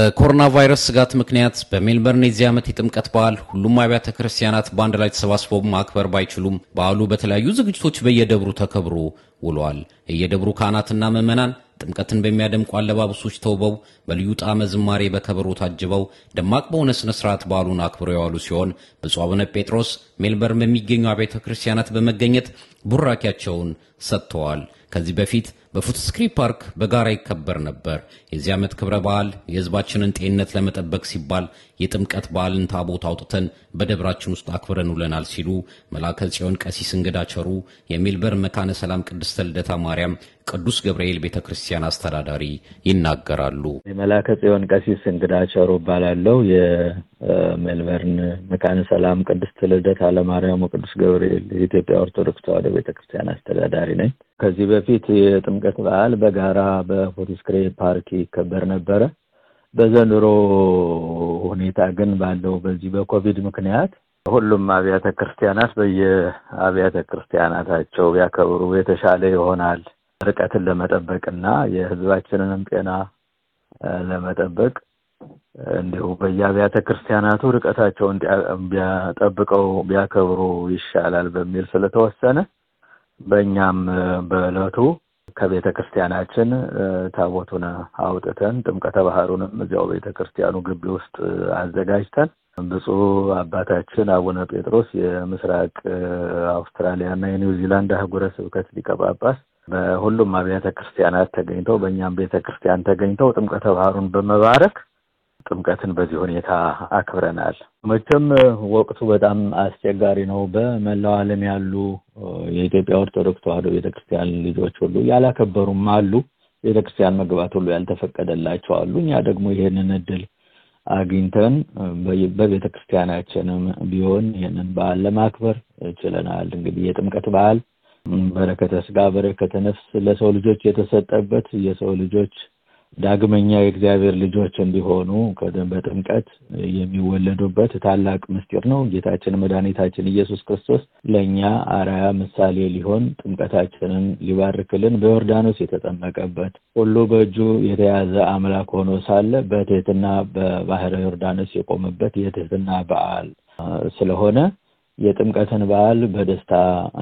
በኮሮና ቫይረስ ስጋት ምክንያት በሜልበርን የዚህ ዓመት የጥምቀት በዓል ሁሉም አብያተ ክርስቲያናት በአንድ ላይ ተሰባስበው ማክበር ባይችሉም በዓሉ በተለያዩ ዝግጅቶች በየደብሩ ተከብሮ ውሏል። የየደብሩ ካህናትና ምዕመናን ጥምቀትን በሚያደምቁ አለባበሶች ተውበው በልዩ ጣዕመ ዝማሬ በከበሮ ታጅበው ደማቅ በሆነ ስነ ስርዓት በዓሉን አክብረው የዋሉ ሲሆን ብፁዕ አቡነ ጴጥሮስ ሜልበርን በሚገኙ አብያተ ክርስቲያናት በመገኘት ቡራኪያቸውን ሰጥተዋል። ከዚህ በፊት በፉትስክሪ ፓርክ በጋራ ይከበር ነበር። የዚህ ዓመት ክብረ በዓል የህዝባችንን ጤንነት ለመጠበቅ ሲባል የጥምቀት በዓልን ታቦት አውጥተን በደብራችን ውስጥ አክብረን ውለናል ሲሉ መላከ ጽዮን ቀሲስ እንግዳ ቸሩ የሜልበርን መካነ ሰላም ቅድስተ ልደታ ማርያም ቅዱስ ገብርኤል ቤተ ክርስቲያን አስተዳዳሪ ይናገራሉ። የመላከ ጽዮን ቀሲስ እንግዳ ቸሩ እባላለሁ። የሜልበርን መካነ ሰላም ቅድስት ልደታ ለማርያም ቅዱስ ገብርኤል የኢትዮጵያ ኦርቶዶክስ ተዋሕዶ ቤተ ክርስቲያን አስተዳዳሪ ነኝ። ከዚህ በፊት የጥምቀት በዓል በጋራ በፎቲስክሬ ፓርክ ይከበር ነበረ። በዘንድሮ ሁኔታ ግን ባለው በዚህ በኮቪድ ምክንያት ሁሉም አብያተ ክርስቲያናት በየአብያተ ክርስቲያናታቸው ቢያከብሩ የተሻለ ይሆናል። ርቀትን ለመጠበቅና የሕዝባችንንም ጤና ለመጠበቅ እንዲሁ በየአብያተ ክርስቲያናቱ ርቀታቸውን ቢያጠብቀው ቢያከብሩ ይሻላል በሚል ስለተወሰነ በእኛም በእለቱ ከቤተ ክርስቲያናችን ታቦቱን አውጥተን ጥምቀተ ባህሩንም እዚያው ቤተ ክርስቲያኑ ግቢ ውስጥ አዘጋጅተን ብፁዕ አባታችን አቡነ ጴጥሮስ የምስራቅ አውስትራሊያና የኒውዚላንድ አህጉረ ስብከት ሊቀ ጳጳስ በሁሉም አብያተ ክርስቲያናት ተገኝተው በእኛም ቤተ ክርስቲያን ተገኝተው ጥምቀተ ባህሩን በመባረክ ጥምቀትን በዚህ ሁኔታ አክብረናል። መቼም ወቅቱ በጣም አስቸጋሪ ነው። በመላው ዓለም ያሉ የኢትዮጵያ ኦርቶዶክስ ተዋሕዶ ቤተክርስቲያን ልጆች ሁሉ ያላከበሩም አሉ። ቤተክርስቲያን መግባት ሁሉ ያልተፈቀደላቸው አሉ። እኛ ደግሞ ይሄንን እድል አግኝተን በቤተክርስቲያናችንም ቢሆን ይህንን በዓል ለማክበር ችለናል። እንግዲህ የጥምቀት በዓል በረከተ ስጋ በረከተ ነፍስ ለሰው ልጆች የተሰጠበት የሰው ልጆች ዳግመኛ የእግዚአብሔር ልጆች እንዲሆኑ በጥምቀት የሚወለዱበት ታላቅ ምስጢር ነው። ጌታችን መድኃኒታችን ኢየሱስ ክርስቶስ ለእኛ አርአያ ምሳሌ ሊሆን ጥምቀታችንን ሊባርክልን በዮርዳኖስ የተጠመቀበት ሁሉ በእጁ የተያዘ አምላክ ሆኖ ሳለ በትህትና በባህረ ዮርዳኖስ የቆመበት የትህትና በዓል ስለሆነ የጥምቀትን በዓል በደስታ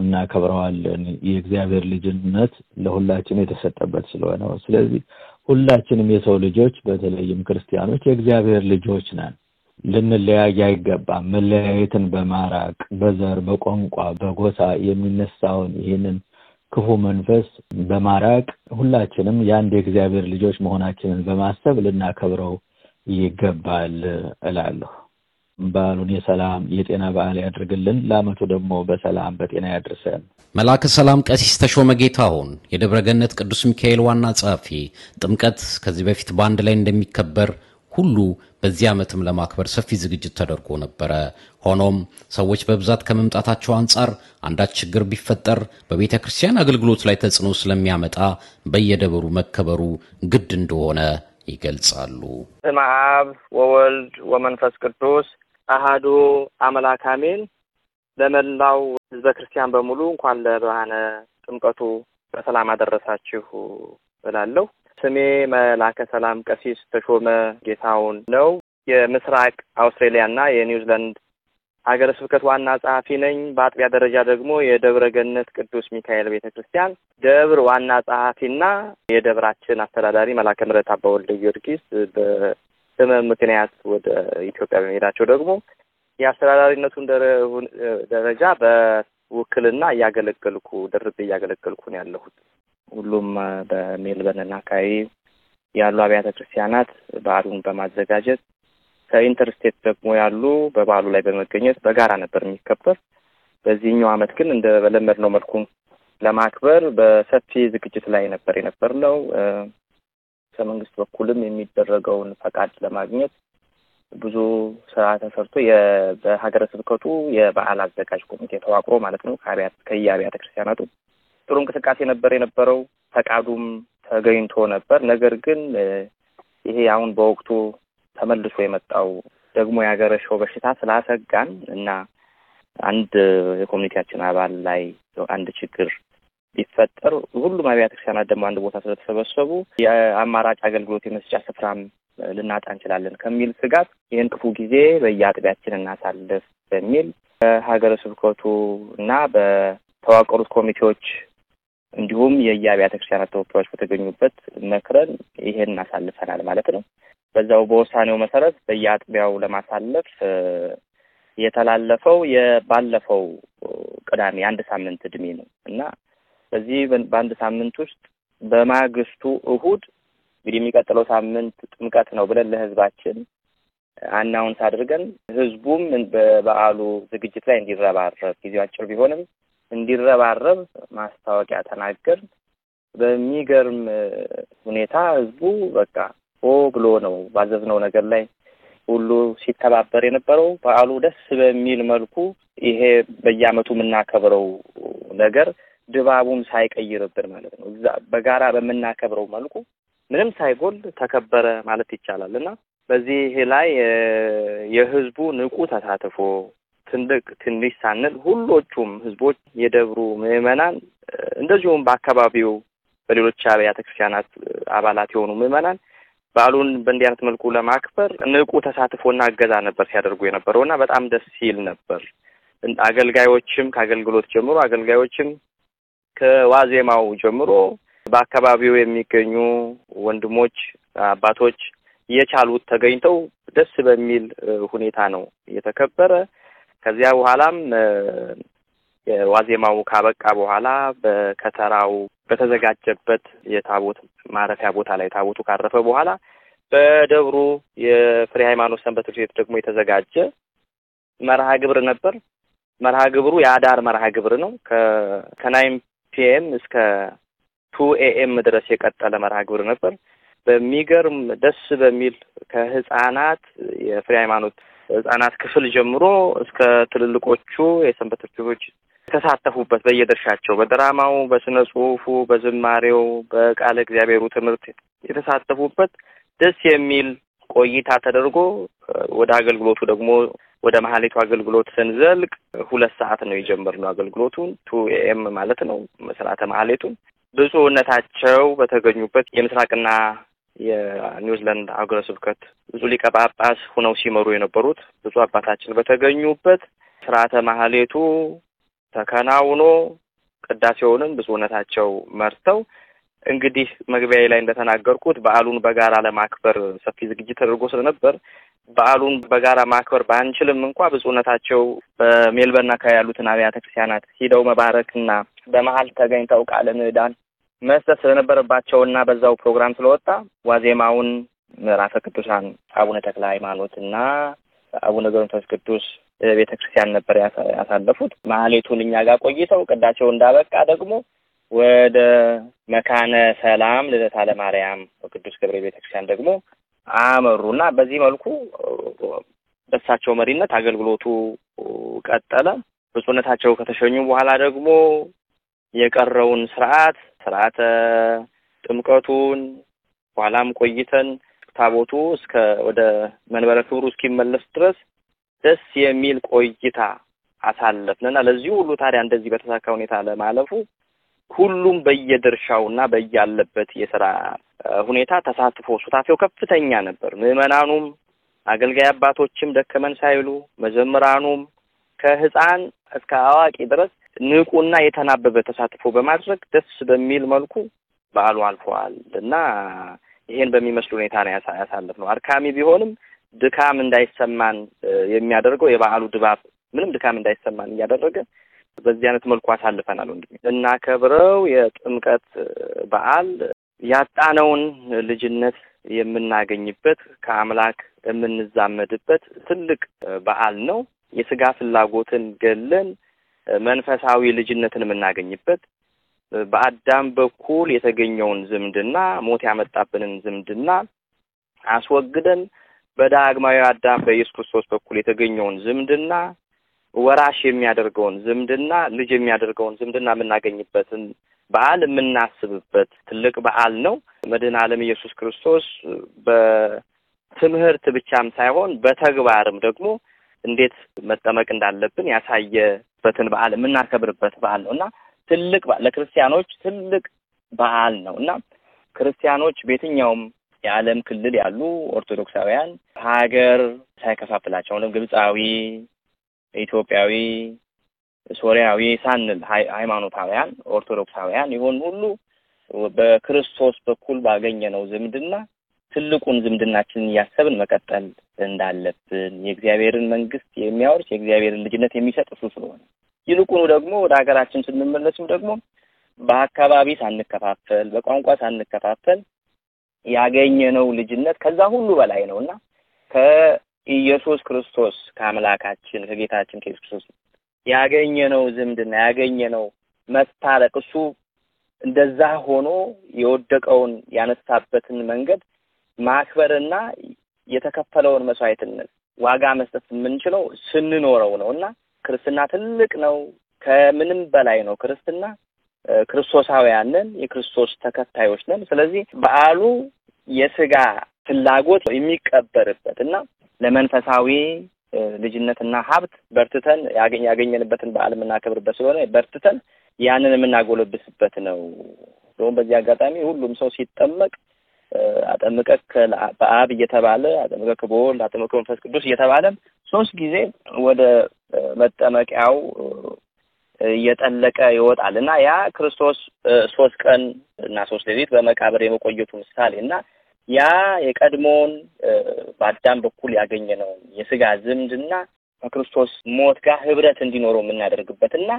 እናከብረዋለን። የእግዚአብሔር ልጅነት ለሁላችን የተሰጠበት ስለሆነ ስለዚህ ሁላችንም የሰው ልጆች በተለይም ክርስቲያኖች የእግዚአብሔር ልጆች ነን። ልንለያይ አይገባም። መለያየትን በማራቅ በዘር፣ በቋንቋ፣ በጎሳ የሚነሳውን ይህንን ክፉ መንፈስ በማራቅ ሁላችንም የአንድ የእግዚአብሔር ልጆች መሆናችንን በማሰብ ልናከብረው ይገባል እላለሁ። በዓሉን የሰላም የጤና በዓል ያድርግልን። ለአመቱ ደግሞ በሰላም በጤና ያድርሰን። መላከ ሰላም ቀሲስ ተሾመ ጌታሁን የደብረገነት ቅዱስ ሚካኤል ዋና ጸሐፊ፣ ጥምቀት ከዚህ በፊት በአንድ ላይ እንደሚከበር ሁሉ በዚህ ዓመትም ለማክበር ሰፊ ዝግጅት ተደርጎ ነበረ። ሆኖም ሰዎች በብዛት ከመምጣታቸው አንጻር አንዳች ችግር ቢፈጠር በቤተ ክርስቲያን አገልግሎት ላይ ተጽዕኖ ስለሚያመጣ በየደብሩ መከበሩ ግድ እንደሆነ ይገልጻሉ። ስመ አብ ወወልድ ወመንፈስ ቅዱስ አሃዱ አምላክ አሜን። ለመላው ህዝበ ክርስቲያን በሙሉ እንኳን ለብርሃነ ጥምቀቱ በሰላም አደረሳችሁ እላለሁ። ስሜ መላከ ሰላም ቀሲስ ተሾመ ጌታውን ነው። የምስራቅ አውስትሬሊያና የኒውዚላንድ ሀገረ ስብከት ዋና ጸሐፊ ነኝ። በአጥቢያ ደረጃ ደግሞ የደብረ ገነት ቅዱስ ሚካኤል ቤተ ክርስቲያን ደብር ዋና ጸሐፊና የደብራችን አስተዳዳሪ መላከ ምሕረት አባ ወልደ ጊዮርጊስ ህመም ምክንያት ወደ ኢትዮጵያ በመሄዳቸው ደግሞ የአስተዳዳሪነቱን ደረጃ በውክልና እያገለገልኩ ደርቤ እያገለገልኩ ነው ያለሁት። ሁሉም በሜልበርንና አካባቢ ያሉ አብያተ ክርስቲያናት በዓሉን በማዘጋጀት ከኢንተርስቴት ደግሞ ያሉ በበዓሉ ላይ በመገኘት በጋራ ነበር የሚከበር። በዚህኛው ዓመት ግን እንደለመድነው መልኩም ለማክበር በሰፊ ዝግጅት ላይ ነበር የነበር ነው። ከመንግስት በኩልም የሚደረገውን ፈቃድ ለማግኘት ብዙ ስራ ተሰርቶ በሀገረ ስብከቱ የበዓል አዘጋጅ ኮሚቴ ተዋቅሮ ማለት ነው ከየአብያተ ክርስቲያናቱ ጥሩ እንቅስቃሴ ነበር የነበረው። ፈቃዱም ተገኝቶ ነበር። ነገር ግን ይሄ አሁን በወቅቱ ተመልሶ የመጣው ደግሞ ያገረሸው በሽታ ስላሰጋን እና አንድ የኮሚኒቲያችን አባል ላይ አንድ ችግር ቢፈጠር ሁሉም አብያተ ክርስቲያናት ደግሞ አንድ ቦታ ስለተሰበሰቡ የአማራጭ አገልግሎት የመስጫ ስፍራም ልናጣ እንችላለን ከሚል ስጋት ይህን ክፉ ጊዜ በየአጥቢያችን እናሳልፍ በሚል በሀገረ ስብከቱ እና በተዋቀሩት ኮሚቴዎች እንዲሁም የየአብያተ ክርስቲያናት ተወካዮች በተገኙበት መክረን ይሄን እናሳልፈናል ማለት ነው። በዛው በውሳኔው መሰረት በየአጥቢያው ለማሳለፍ የተላለፈው የባለፈው ቅዳሜ አንድ ሳምንት እድሜ ነው እና በዚህ በአንድ ሳምንት ውስጥ በማግስቱ እሁድ እንግዲህ የሚቀጥለው ሳምንት ጥምቀት ነው ብለን ለህዝባችን አናውንስ አድርገን ህዝቡም በበዓሉ ዝግጅት ላይ እንዲረባረብ ጊዜው አጭር ቢሆንም እንዲረባረብ ማስታወቂያ ተናገር። በሚገርም ሁኔታ ህዝቡ በቃ ኦ ብሎ ነው ባዘዝነው ነገር ላይ ሁሉ ሲተባበር የነበረው። በዓሉ ደስ በሚል መልኩ ይሄ በየአመቱ የምናከብረው ነገር ድባቡም ሳይቀይርብን ማለት ነው። በጋራ በምናከብረው መልኩ ምንም ሳይጎል ተከበረ ማለት ይቻላል እና በዚህ ላይ የህዝቡ ንቁ ተሳትፎ ትልቅ ትንሽ ሳንል ሁሎቹም ህዝቦች የደብሩ ምዕመናን እንደዚሁም በአካባቢው በሌሎች አብያተ ክርስቲያናት አባላት የሆኑ ምዕመናን በዓሉን በእንዲህ አይነት መልኩ ለማክበር ንቁ ተሳትፎና እገዛ ነበር ሲያደርጉ የነበረው እና በጣም ደስ ይል ነበር። አገልጋዮችም ከአገልግሎት ጀምሮ አገልጋዮችም ከዋዜማው ጀምሮ በአካባቢው የሚገኙ ወንድሞች፣ አባቶች የቻሉት ተገኝተው ደስ በሚል ሁኔታ ነው እየተከበረ። ከዚያ በኋላም ዋዜማው ካበቃ በኋላ በከተራው በተዘጋጀበት የታቦት ማረፊያ ቦታ ላይ ታቦቱ ካረፈ በኋላ በደብሩ የፍሬ ሃይማኖት ሰንበት ቤት ደግሞ የተዘጋጀ መርሃ ግብር ነበር። መርሃ ግብሩ የአዳር መርሃ ግብር ነው። ከናይም ፒኤም እስከ ቱ ኤኤም ድረስ የቀጠለ መርሃ ግብር ነበር። በሚገርም ደስ በሚል ከህጻናት የፍሬ ሃይማኖት ህጻናት ክፍል ጀምሮ እስከ ትልልቆቹ የሰንበት ትምህርት የተሳተፉበት በየድርሻቸው በድራማው፣ በስነ ጽሁፉ፣ በዝማሬው፣ በቃለ እግዚአብሔሩ ትምህርት የተሳተፉበት ደስ የሚል ቆይታ ተደርጎ ወደ አገልግሎቱ ደግሞ ወደ መሀሌቱ አገልግሎት ስንዘልቅ ሁለት ሰዓት ነው የጀመርነው አገልግሎቱን ቱ ኤኤም ማለት ነው መሰረተ መሀሌቱን ብፁዕነታቸው በተገኙበት የምስራቅና የኒውዚላንድ አገረ ስብከት ብፁዕ ሊቀ ጳጳስ ሁነው ሲመሩ የነበሩት ብፁዕ አባታችን በተገኙበት ስርዓተ ማህሌቱ ተከናውኖ ቅዳሴውንም ብፁዕነታቸው መርተው እንግዲህ መግቢያዬ ላይ እንደተናገርኩት በዓሉን በጋራ ለማክበር ሰፊ ዝግጅት ተደርጎ ስለነበር በዓሉን በጋራ ማክበር ባንችልም እንኳ ብፁዕነታቸው በሜልበርን አካባቢ ያሉትን አብያተ ክርስቲያናት ሂደው መባረክና በመሀል ተገኝተው ቃለ ምዕዳን መስጠት ስለነበረባቸውና በዛው ፕሮግራም ስለወጣ ዋዜማውን ምዕራፈ ቅዱሳን አቡነ ተክለ ሃይማኖት እና አቡነ ገሮንቶስ ቅዱስ ቤተ ክርስቲያን ነበር ያሳለፉት። ማህሌቱን እኛ ጋር ቆይተው ቅዳቸው እንዳበቃ ደግሞ ወደ መካነ ሰላም ልደታ ለማርያም ቅዱስ ገብርኤል ቤተ ክርስቲያን ደግሞ አመሩ እና በዚህ መልኩ በእሳቸው መሪነት አገልግሎቱ ቀጠለ። ብፁዕነታቸው ከተሸኙ በኋላ ደግሞ የቀረውን ስርዓት ስርዓተ ጥምቀቱን በኋላም ቆይተን ታቦቱ እስከ ወደ መንበረ ክብሩ እስኪመለስ ድረስ ደስ የሚል ቆይታ አሳለፍንና ለዚህ ሁሉ ታዲያ እንደዚህ በተሳካ ሁኔታ ለማለፉ ሁሉም በየድርሻውና በያለበት የስራ ሁኔታ ተሳትፎ ሱታፌው ከፍተኛ ነበር። ምዕመናኑም አገልጋይ አባቶችም ደከመን ሳይሉ መዘምራኑም ከህፃን እስከ አዋቂ ድረስ ንቁና የተናበበ ተሳትፎ በማድረግ ደስ በሚል መልኩ በዓሉ አልፈዋል እና ይሄን በሚመስል ሁኔታ ነው ያሳለፍ ነው። አድካሚ ቢሆንም ድካም እንዳይሰማን የሚያደርገው የበዓሉ ድባብ ምንም ድካም እንዳይሰማን እያደረገ በዚህ አይነት መልኩ አሳልፈናል። ወንድ እናከብረው የጥምቀት በዓል ያጣነውን ልጅነት የምናገኝበት ከአምላክ የምንዛመድበት ትልቅ በዓል ነው። የስጋ ፍላጎትን ገለን መንፈሳዊ ልጅነትን የምናገኝበት በአዳም በኩል የተገኘውን ዝምድና ሞት ያመጣብንን ዝምድና አስወግደን በዳግማዊ አዳም በኢየሱስ ክርስቶስ በኩል የተገኘውን ዝምድና ወራሽ የሚያደርገውን ዝምድና ልጅ የሚያደርገውን ዝምድና የምናገኝበትን በዓል የምናስብበት ትልቅ በዓል ነው። መድኃኔ ዓለም ኢየሱስ ክርስቶስ በትምህርት ብቻም ሳይሆን በተግባርም ደግሞ እንዴት መጠመቅ እንዳለብን ያሳየበትን በዓል የምናከብርበት በዓል ነው እና ትልቅ ለክርስቲያኖች ትልቅ በዓል ነው እና ክርስቲያኖች በየትኛውም የዓለም ክልል ያሉ ኦርቶዶክሳውያን ሀገር ሳይከፋፍላቸው ግብፃዊ ኢትዮጵያዊ፣ ሶሪያዊ ሳንል ሃይማኖታውያን ኦርቶዶክሳውያን ይሆን ሁሉ በክርስቶስ በኩል ባገኘነው ዝምድና ትልቁን ዝምድናችንን እያሰብን መቀጠል እንዳለብን የእግዚአብሔርን መንግስት የሚያወርስ የእግዚአብሔርን ልጅነት የሚሰጥ እሱ ስለሆነ ይልቁኑ ደግሞ ወደ ሀገራችን ስንመለስም ደግሞ በአካባቢ ሳንከፋፈል በቋንቋ ሳንከፋፈል ያገኘነው ልጅነት ከዛ ሁሉ በላይ ነው እና ኢየሱስ ክርስቶስ ከአምላካችን ከጌታችን ከኢየሱስ ክርስቶስ ያገኘነው ዝምድና ያገኘነው መታረቅ እሱ እንደዛ ሆኖ የወደቀውን ያነሳበትን መንገድ ማክበርና የተከፈለውን መስዋዕትነት ዋጋ መስጠት የምንችለው ስንኖረው ነው እና ክርስትና ትልቅ ነው። ከምንም በላይ ነው ክርስትና። ክርስቶሳውያን ነን፣ የክርስቶስ ተከታዮች ነን። ስለዚህ በዓሉ የስጋ ፍላጎት የሚቀበርበት እና ለመንፈሳዊ ልጅነትና ሀብት በርትተን ያገኘንበትን በዓል የምናከብርበት ስለሆነ በርትተን ያንን የምናጎለብስበት ነው። እንደውም በዚህ አጋጣሚ ሁሉም ሰው ሲጠመቅ አጠምቀክ በአብ እየተባለ አጠምቀክ በወልድ አጠምቀ መንፈስ ቅዱስ እየተባለ ሶስት ጊዜ ወደ መጠመቂያው እየጠለቀ ይወጣል እና ያ ክርስቶስ ሶስት ቀን እና ሶስት ሌሊት በመቃብር የመቆየቱ ምሳሌ እና ያ የቀድሞውን በአዳም በኩል ያገኘ ነው የስጋ ዝምድና ከክርስቶስ ሞት ጋር ህብረት እንዲኖረው የምናደርግበትና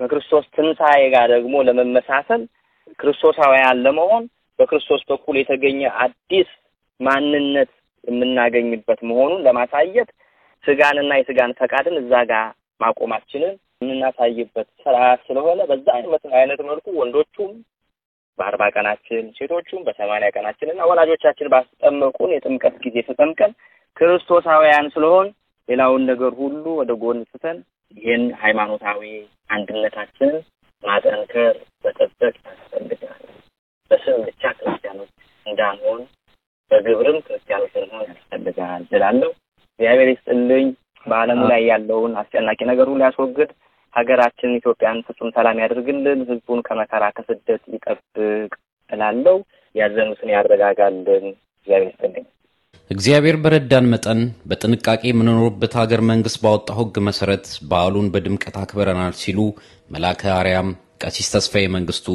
ከክርስቶስ ትንሣኤ ጋር ደግሞ ለመመሳሰል ክርስቶሳውያን ለመሆን በክርስቶስ በኩል የተገኘ አዲስ ማንነት የምናገኝበት መሆኑን ለማሳየት ስጋንና የስጋን ፈቃድን እዛ ጋር ማቆማችንን የምናሳይበት ስርዓት ስለሆነ በዛ አይነት መልኩ ወንዶቹም በአርባ ቀናችን ሴቶቹም በሰማንያ ቀናችን እና ወላጆቻችን ባስጠመቁን የጥምቀት ጊዜ ተጠምቀን ክርስቶሳውያን ስለሆን ሌላውን ነገር ሁሉ ወደ ጎን ትተን ይህን ሃይማኖታዊ አንድነታችንን ማጠንከር መጠበቅ ያስፈልጋል። በስም ብቻ ክርስቲያኖች እንዳንሆን በግብርም ክርስቲያኖች ልንሆን ያስፈልጋል እላለሁ። እግዚአብሔር ይስጥልኝ። በዓለሙ ላይ ያለውን አስጨናቂ ነገር ሁሉ ያስወግድ። ሀገራችን ኢትዮጵያን ፍጹም ሰላም ያደርግልን፣ ህዝቡን ከመከራ ከስደት ይጠብቅ እላለው። ያዘኑትን ያረጋጋልን። እግዚአብሔር ይስጥልኝ። እግዚአብሔር በረዳን መጠን በጥንቃቄ የምንኖርበት ሀገር መንግስት ባወጣው ህግ መሰረት በዓሉን በድምቀት አክብረናል ሲሉ መላከ አርያም ቀሲስ ተስፋዬ መንግስቱ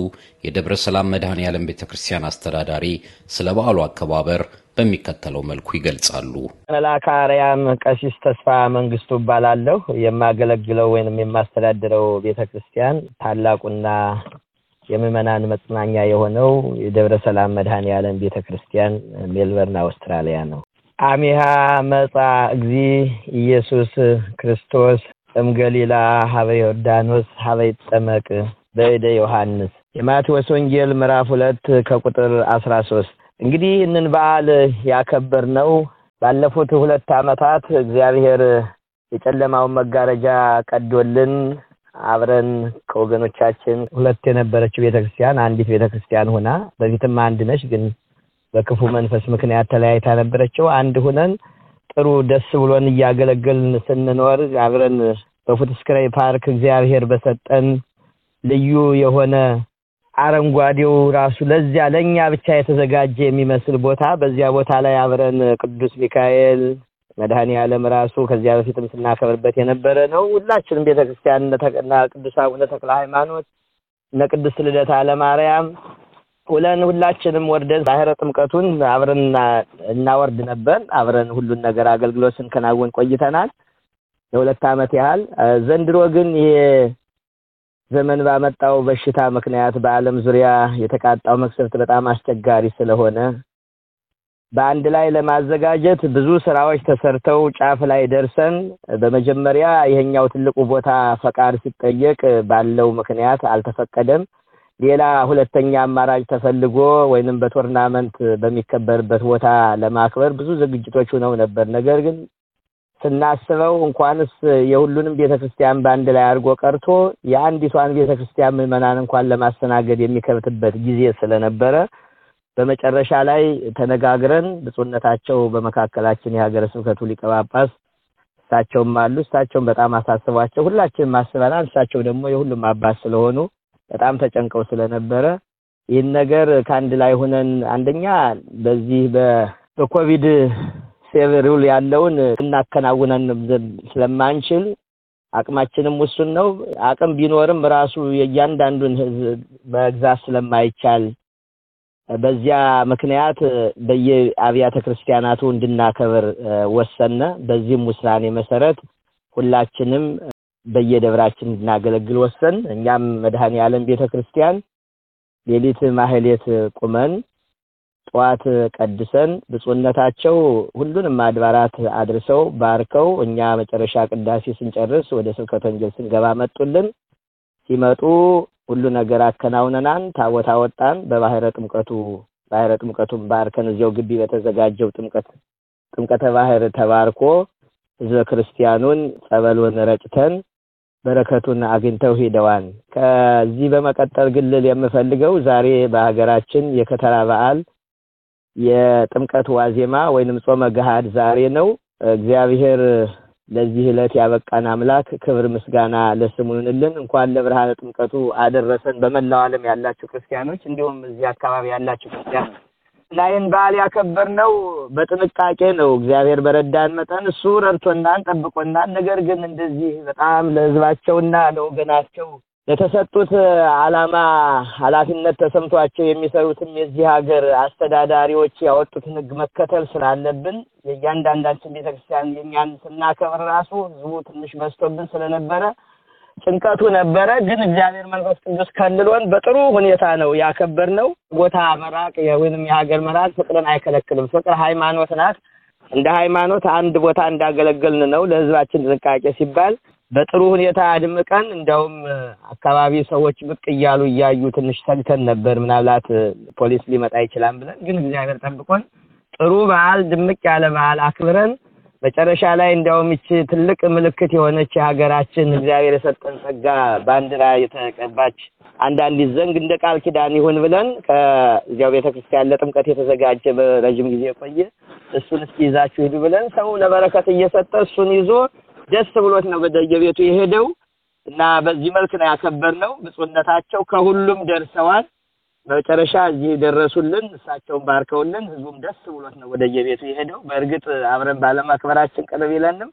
የደብረ ሰላም መድኃኔ ዓለም ቤተ ክርስቲያን አስተዳዳሪ ስለ በዓሉ አከባበር በሚከተለው መልኩ ይገልጻሉ። መላካርያም ቀሲስ ተስፋ መንግስቱ እባላለሁ። የማገለግለው ወይንም የማስተዳድረው ቤተ ክርስቲያን ታላቁና የምዕመናን መጽናኛ የሆነው የደብረ ሰላም መድኃኔ ዓለም ቤተ ክርስቲያን ሜልበርን አውስትራሊያ ነው። አሚሃ መጻ እግዚ ኢየሱስ ክርስቶስ እምገሊላ ሀበ ዮርዳኖስ ሀበ ይጠመቅ በእደ ዮሐንስ የማቴዎስ ወንጌል ምዕራፍ ሁለት ከቁጥር አስራ ሶስት እንግዲህ ይህንን በዓል ያከበርነው ባለፉት ሁለት ዓመታት እግዚአብሔር የጨለማውን መጋረጃ ቀዶልን አብረን ከወገኖቻችን ሁለት የነበረችው ቤተክርስቲያን አንዲት ቤተክርስቲያን ሆና በፊትም አንድ ነች፣ ግን በክፉ መንፈስ ምክንያት ተለያይታ ነበረችው። አንድ ሆነን ጥሩ ደስ ብሎን እያገለገልን ስንኖር አብረን በፉትስክራይ ፓርክ እግዚአብሔር በሰጠን ልዩ የሆነ አረንጓዴው ራሱ ለዚያ ለእኛ ብቻ የተዘጋጀ የሚመስል ቦታ በዚያ ቦታ ላይ አብረን ቅዱስ ሚካኤል መድኃኔ ዓለም ራሱ ከዚያ በፊትም ስናከብርበት የነበረ ነው። ሁላችንም ክርስቲያን እና ቅዱስ አቡነ ተክለ ሃይማኖት እነ ልደት ልደታ ለማርያም ውለን ሁላችንም ወርደን ባህረ ጥምቀቱን አብረን እናወርድ ነበር። አብረን ሁሉን ነገር አገልግሎት ስንከናወን ቆይተናል ለሁለት ዓመት ያህል። ዘንድሮ ግን ይሄ ዘመን ባመጣው በሽታ ምክንያት በዓለም ዙሪያ የተቃጣው መቅሰፍት በጣም አስቸጋሪ ስለሆነ በአንድ ላይ ለማዘጋጀት ብዙ ስራዎች ተሰርተው ጫፍ ላይ ደርሰን በመጀመሪያ ይሄኛው ትልቁ ቦታ ፈቃድ ሲጠየቅ ባለው ምክንያት አልተፈቀደም። ሌላ ሁለተኛ አማራጭ ተፈልጎ ወይንም በቶርናመንት በሚከበርበት ቦታ ለማክበር ብዙ ዝግጅቶች ሆነው ነበር። ነገር ግን ስናስበው እንኳንስ የሁሉንም ቤተ ክርስቲያን በአንድ ላይ አድርጎ ቀርቶ የአንዲቷን ቤተ ክርስቲያን ምዕመናን እንኳን ለማስተናገድ የሚከብትበት ጊዜ ስለነበረ በመጨረሻ ላይ ተነጋግረን ብፁዕነታቸው በመካከላችን የሀገረ ስብከቱ ሊቀ ጳጳስ እሳቸውም አሉ። እሳቸውም በጣም አሳስቧቸው ሁላችንም አስበናል። እሳቸው ደግሞ የሁሉም አባት ስለሆኑ በጣም ተጨንቀው ስለነበረ ይህን ነገር ከአንድ ላይ ሆነን አንደኛ በዚህ በኮቪድ ሴቭ ሩል ያለውን እናከናውነን ስለማንችል አቅማችንም ውሱን ነው። አቅም ቢኖርም ራሱ የእያንዳንዱን ህዝብ መግዛት ስለማይቻል በዚያ ምክንያት በየአብያተ ክርስቲያናቱ እንድናከብር ወሰነ። በዚህም ውሳኔ መሰረት ሁላችንም በየደብራችን እንድናገለግል ወሰን። እኛም መድኃኔ ዓለም ቤተ ክርስቲያን ሌሊት ማህሌት ቁመን ጠዋት ቀድሰን ብፁዕነታቸው ሁሉንም አድባራት አድርሰው ባርከው እኛ መጨረሻ ቅዳሴ ስንጨርስ ወደ ስብከተ ወንጌል ስንገባ መጡልን። ሲመጡ ሁሉ ነገር አከናውነናን ታቦት አወጣን። በባህረ ጥምቀቱ ባህረ ጥምቀቱን ባርከን እዚያው ግቢ በተዘጋጀው ጥምቀት ጥምቀተ ባህር ተባርኮ ህዝበ ክርስቲያኑን ጸበሉን ረጭተን በረከቱን አግኝተው ሄደዋል። ከዚህ በመቀጠል ግልል የምፈልገው ዛሬ በሀገራችን የከተራ በዓል የጥምቀት ዋዜማ ወይንም ጾመ ገሃድ ዛሬ ነው። እግዚአብሔር ለዚህ ዕለት ያበቃን አምላክ ክብር ምስጋና ለስሙ ይሁንልን። እንኳን ለብርሃነ ጥምቀቱ አደረሰን። በመላው ዓለም ያላችሁ ክርስቲያኖች፣ እንዲሁም እዚህ አካባቢ ያላችሁ ክርስቲያኖች ላይን በዓል ያከበርነው በጥንቃቄ ነው። እግዚአብሔር በረዳን መጠን እሱ ረድቶናን ጠብቆናን። ነገር ግን እንደዚህ በጣም ለህዝባቸውና ለወገናቸው ለተሰጡት ዓላማ ኃላፊነት ተሰምቷቸው የሚሰሩትም የዚህ ሀገር አስተዳዳሪዎች ያወጡትን ሕግ መከተል ስላለብን የእያንዳንዳችን ቤተክርስቲያን የኛን ስናከብር ራሱ ህዝቡ ትንሽ በዝቶብን ስለነበረ ጭንቀቱ ነበረ። ግን እግዚአብሔር መንፈስ ቅዱስ ከልሎን በጥሩ ሁኔታ ነው ያከበርነው። ቦታ መራቅ ወይም የሀገር መራቅ ፍቅርን አይከለክልም። ፍቅር ሃይማኖት ናት። እንደ ሃይማኖት አንድ ቦታ እንዳገለገልን ነው። ለህዝባችን ጥንቃቄ ሲባል በጥሩ ሁኔታ አድምቀን እንደውም አካባቢ ሰዎች ብቅ እያሉ እያዩ ትንሽ ሰግተን ነበር። ምናልባት ፖሊስ ሊመጣ ይችላል ብለን ግን እግዚአብሔር ጠብቆን ጥሩ በዓል ድምቅ ያለ በዓል አክብረን መጨረሻ ላይ እንደውም ይቺ ትልቅ ምልክት የሆነች የሀገራችን እግዚአብሔር የሰጠን ጸጋ ባንዲራ የተቀባች አንዳንድ ዘንግ እንደ ቃል ኪዳን ይሁን ብለን ከዚያው ቤተክርስቲያን ለጥምቀት የተዘጋጀ በረጅም ጊዜ ቆየ እሱን እስኪ ይዛችሁ ሂዱ ብለን ሰው ለበረከት እየሰጠ እሱን ይዞ ደስ ብሎት ነው በደየቤቱ የሄደው እና በዚህ መልክ ነው ያከበርነው። ብፁዕነታቸው ከሁሉም ደርሰዋል። በመጨረሻ እዚህ ደረሱልን፣ እሳቸውን ባርከውልን፣ ህዝቡም ደስ ብሎት ነው ወደየቤቱ የሄደው። በእርግጥ አብረን ባለማክበራችን ቅርብ ይለንም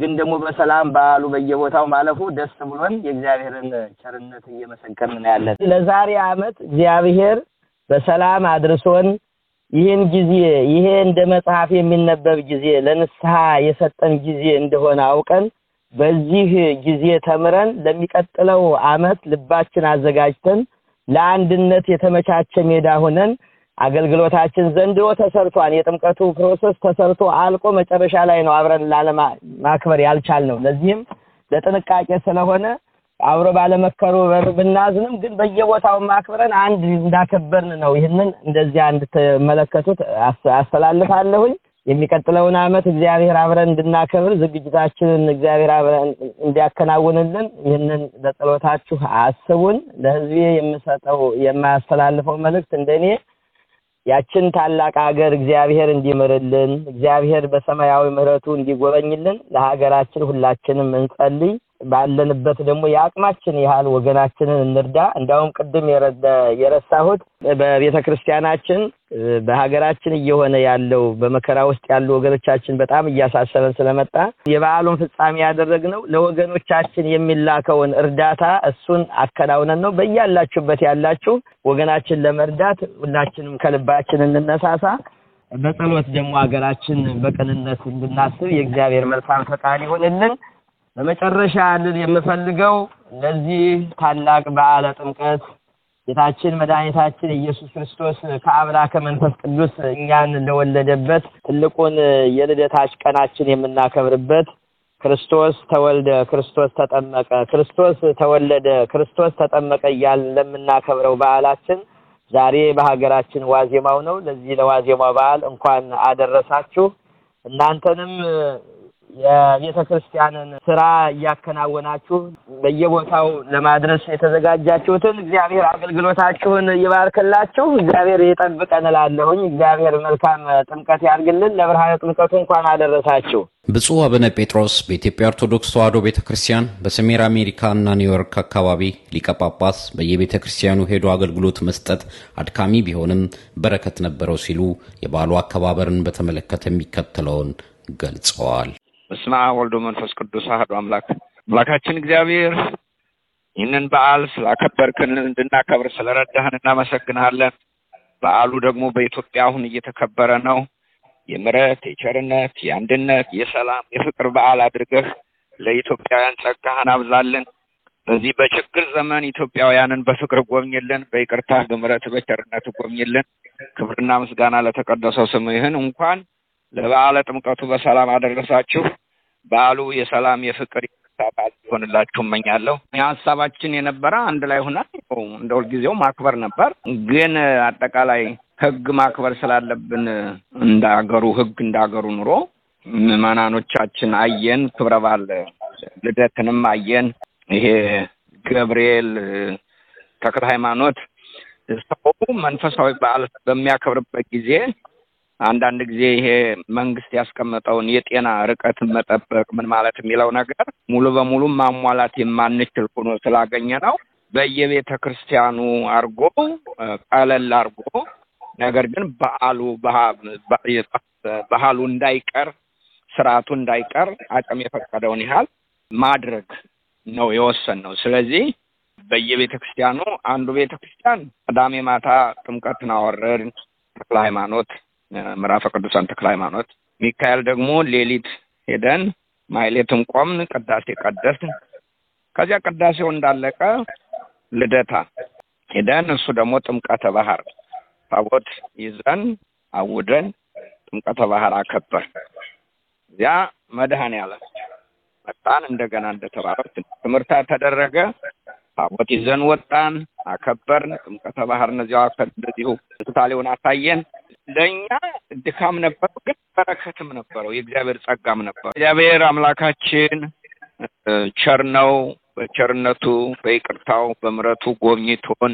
ግን ደግሞ በሰላም በዓሉ በየቦታው ማለፉ ደስ ብሎን የእግዚአብሔርን ቸርነት እየመሰከርን ነው ያለን። ለዛሬ ዓመት እግዚአብሔር በሰላም አድርሶን ይህን ጊዜ ይሄ እንደ መጽሐፍ የሚነበብ ጊዜ ለንስሐ የሰጠን ጊዜ እንደሆነ አውቀን በዚህ ጊዜ ተምረን ለሚቀጥለው ዓመት ልባችን አዘጋጅተን ለአንድነት የተመቻቸ ሜዳ ሆነን አገልግሎታችን ዘንድሮ ተሰርቷል። የጥምቀቱ ፕሮሰስ ተሰርቶ አልቆ መጨረሻ ላይ ነው አብረን ያልቻል ነው። ለዚህም ለጥንቃቄ ስለሆነ አብሮ ባለመከሩ ብናዝንም ግን በየቦታው ማክበረን አንድ እንዳከበርን ነው። ይህንን እንደዚያ እንድትመለከቱት አስተላልፋለሁኝ። የሚቀጥለውን ዓመት እግዚአብሔር አብረን እንድናከብር ዝግጅታችንን እግዚአብሔር አብረን እንዲያከናውንልን ይህንን ለጸሎታችሁ አስቡን። ለህዝቤ የምሰጠው የማያስተላልፈው መልእክት እንደኔ ያችን ታላቅ ሀገር እግዚአብሔር እንዲምርልን፣ እግዚአብሔር በሰማያዊ ምሕረቱ እንዲጎበኝልን ለሀገራችን ሁላችንም እንጸልይ። ባለንበት ደግሞ የአቅማችን ያህል ወገናችንን እንርዳ። እንዳውም ቅድም የረሳሁት በቤተ ክርስቲያናችን በሀገራችን እየሆነ ያለው በመከራ ውስጥ ያሉ ወገኖቻችን በጣም እያሳሰበን ስለመጣ የበዓሉን ፍጻሜ ያደረግነው ለወገኖቻችን የሚላከውን እርዳታ እሱን አከናውነን ነው። በያላችሁበት ያላችሁ ወገናችን ለመርዳት ሁላችንም ከልባችን እንነሳሳ። በጸሎት ደግሞ ሀገራችን በቅንነት እንድናስብ የእግዚአብሔር መልካም ፈቃድ ይሆንልን። በመጨረሻ ልል የምፈልገው ለዚህ ታላቅ በዓለ ጥምቀት ጌታችን መድኃኒታችን ኢየሱስ ክርስቶስ ከአምላከ መንፈስ ቅዱስ እኛን ለወለደበት ትልቁን የልደታች ቀናችን የምናከብርበት ክርስቶስ ተወልደ፣ ክርስቶስ ተጠመቀ፣ ክርስቶስ ተወለደ፣ ክርስቶስ ተጠመቀ እያልን ለምናከብረው በዓላችን ዛሬ በሀገራችን ዋዜማው ነው። ለዚህ ለዋዜማው በዓል እንኳን አደረሳችሁ። እናንተንም የቤተ ክርስቲያንን ስራ እያከናወናችሁ በየቦታው ለማድረስ የተዘጋጃችሁትን እግዚአብሔር አገልግሎታችሁን ይባርክላችሁ፣ እግዚአብሔር ይጠብቀን እላለሁኝ። እግዚአብሔር መልካም ጥምቀት ያድርግልን። ለብርሃነ ጥምቀቱ እንኳን አደረሳችሁ። ብፁዕ አቡነ ጴጥሮስ በኢትዮጵያ ኦርቶዶክስ ተዋሕዶ ቤተ ክርስቲያን በሰሜን አሜሪካ እና ኒውዮርክ አካባቢ ሊቀ ጳጳስ በየቤተ ክርስቲያኑ ሄዶ አገልግሎት መስጠት አድካሚ ቢሆንም በረከት ነበረው ሲሉ የበዓሉ አከባበርን በተመለከተ የሚከተለውን ገልጸዋል። በስመ አብ መንፈስ ቅዱስ አህዶ አምላክ። አምላካችን እግዚአብሔር ይህንን በዓል ስላከበርክን እንድናከብር ስለረዳህን እናመሰግናለን። በዓሉ ደግሞ በኢትዮጵያ አሁን እየተከበረ ነው። የምረት የቸርነት፣ የአንድነት፣ የሰላም፣ የፍቅር በዓል አድርገህ ለኢትዮጵያውያን ጸጋህን አብዛልን። በዚህ በችግር ዘመን ኢትዮጵያውያንን በፍቅር ጎብኝልን፣ በይቅርታ በምሕረት፣ በቸርነት ጎብኝልን። ክብርና ምስጋና ለተቀደሰው ስም ይህን እንኳን ለበዓለ ጥምቀቱ በሰላም አደረሳችሁ። በዓሉ የሰላም የፍቅር በዓል ሊሆንላችሁ እመኛለሁ። ሀሳባችን የነበረ አንድ ላይ ሆና እንደ ሁልጊዜው ማክበር ነበር፣ ግን አጠቃላይ ህግ ማክበር ስላለብን እንደ ሀገሩ ሕግ እንደ ሀገሩ ኑሮ ምዕመናኖቻችን አየን። ክብረ በዓል ልደትንም አየን። ይሄ ገብርኤል ተክለ ሃይማኖት ሰው መንፈሳዊ በዓል በሚያከብርበት ጊዜ አንዳንድ ጊዜ ይሄ መንግስት ያስቀመጠውን የጤና ርቀትን መጠበቅ ምን ማለት የሚለው ነገር ሙሉ በሙሉ ማሟላት የማንችል ሆኖ ስላገኘ ነው በየቤተ ክርስቲያኑ አርጎ ቀለል አርጎ ነገር ግን በዓሉ ባህሉ እንዳይቀር ስርዓቱ እንዳይቀር አቅም የፈቀደውን ያህል ማድረግ ነው የወሰን ነው። ስለዚህ በየቤተ ክርስቲያኑ አንዱ ቤተ ክርስቲያን ቅዳሜ ማታ ጥምቀትን አወረድን፣ ተክለ ሃይማኖት ምዕራፈ ቅዱሳን ተክለ ሃይማኖት፣ ሚካኤል ደግሞ ሌሊት ሄደን ማይሌትም ቆምን፣ ቅዳሴ ቀደስን። ከዚያ ቅዳሴው እንዳለቀ ልደታ ሄደን እሱ ደግሞ ጥምቀተ ባህር ታቦት ይዘን አውደን ጥምቀተ ባህር አከበር። እዚያ መድኃኔ ዓለም መጣን። እንደገና እንደተባለው ትምህርታ ተደረገ። ታቦት ይዘን ወጣን፣ አከበርን። ጥምቀተ ባህር እነዚያው እንደዚሁ ትታሌውን አሳየን። ለእኛ ድካም ነበረው፣ ግን በረከትም ነበረው። የእግዚአብሔር ጸጋም ነበረው። እግዚአብሔር አምላካችን ቸር ነው። በቸርነቱ በይቅርታው በምረቱ ጎብኝቶን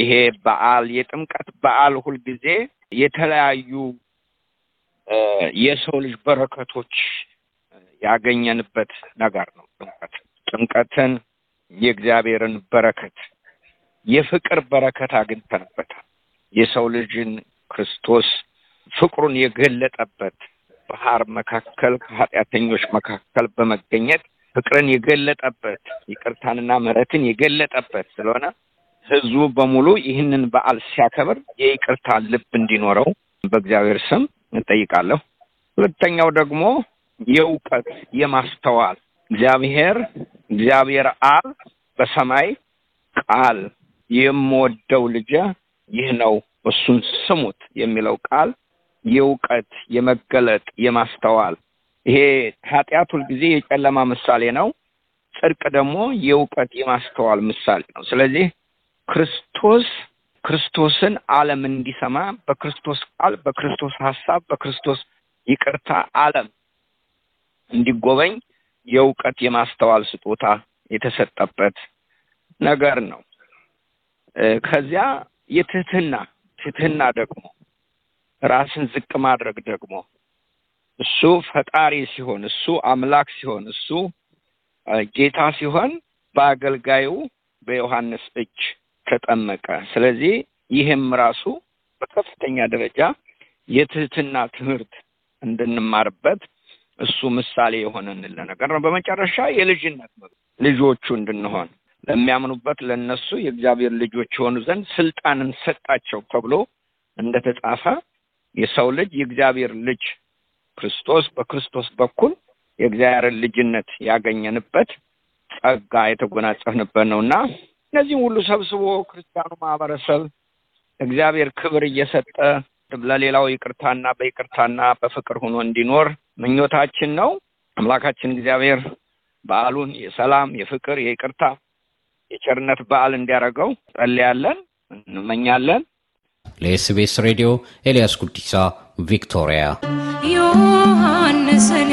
ይሄ በዓል የጥምቀት በዓል ሁልጊዜ የተለያዩ የሰው ልጅ በረከቶች ያገኘንበት ነገር ነው። ጥምቀት ጥምቀትን የእግዚአብሔርን በረከት የፍቅር በረከት አግኝተንበታል። የሰው ልጅን ክርስቶስ ፍቅሩን የገለጠበት ባህር መካከል ከኃጢአተኞች መካከል በመገኘት ፍቅርን የገለጠበት ይቅርታንና ምሕረትን የገለጠበት ስለሆነ ሕዝቡ በሙሉ ይህንን በዓል ሲያከብር የይቅርታ ልብ እንዲኖረው በእግዚአብሔር ስም እንጠይቃለሁ። ሁለተኛው ደግሞ የእውቀት የማስተዋል እግዚአብሔር እግዚአብሔር አብ በሰማይ ቃል የምወደው ልጅ ይህ ነው እሱን ስሙት የሚለው ቃል የእውቀት የመገለጥ የማስተዋል ይሄ ኃጢአት ሁልጊዜ የጨለማ ምሳሌ ነው። ጽድቅ ደግሞ የእውቀት የማስተዋል ምሳሌ ነው። ስለዚህ ክርስቶስ ክርስቶስን ዓለም እንዲሰማ በክርስቶስ ቃል፣ በክርስቶስ ሀሳብ፣ በክርስቶስ ይቅርታ ዓለም እንዲጎበኝ የእውቀት የማስተዋል ስጦታ የተሰጠበት ነገር ነው። ከዚያ የትህትና ትህትና ደግሞ ራስን ዝቅ ማድረግ ደግሞ እሱ ፈጣሪ ሲሆን፣ እሱ አምላክ ሲሆን፣ እሱ ጌታ ሲሆን በአገልጋዩ በዮሐንስ እጅ ተጠመቀ። ስለዚህ ይህም ራሱ በከፍተኛ ደረጃ የትህትና ትምህርት እንድንማርበት እሱ ምሳሌ የሆነንልን ነገር ነው። በመጨረሻ የልጅነት መብት ልጆቹ እንድንሆን ለሚያምኑበት ለነሱ የእግዚአብሔር ልጆች የሆኑ ዘንድ ስልጣንን ሰጣቸው ተብሎ እንደተጻፈ የሰው ልጅ የእግዚአብሔር ልጅ ክርስቶስ በክርስቶስ በኩል የእግዚአብሔር ልጅነት ያገኘንበት ጸጋ የተጎናጸፍንበት ነው እና እነዚህም ሁሉ ሰብስቦ ክርስቲያኑ ማህበረሰብ እግዚአብሔር ክብር እየሰጠ ለሌላው ይቅርታና በይቅርታና በፍቅር ሆኖ እንዲኖር ምኞታችን ነው። አምላካችን እግዚአብሔር በዓሉን የሰላም የፍቅር፣ የይቅርታ፣ የቸርነት በዓል እንዲያደርገው ጸልያለን፣ እንመኛለን። ለኤስቤስ ሬዲዮ ኤልያስ ጉዲሳ ቪክቶሪያ ዮሐንስኔ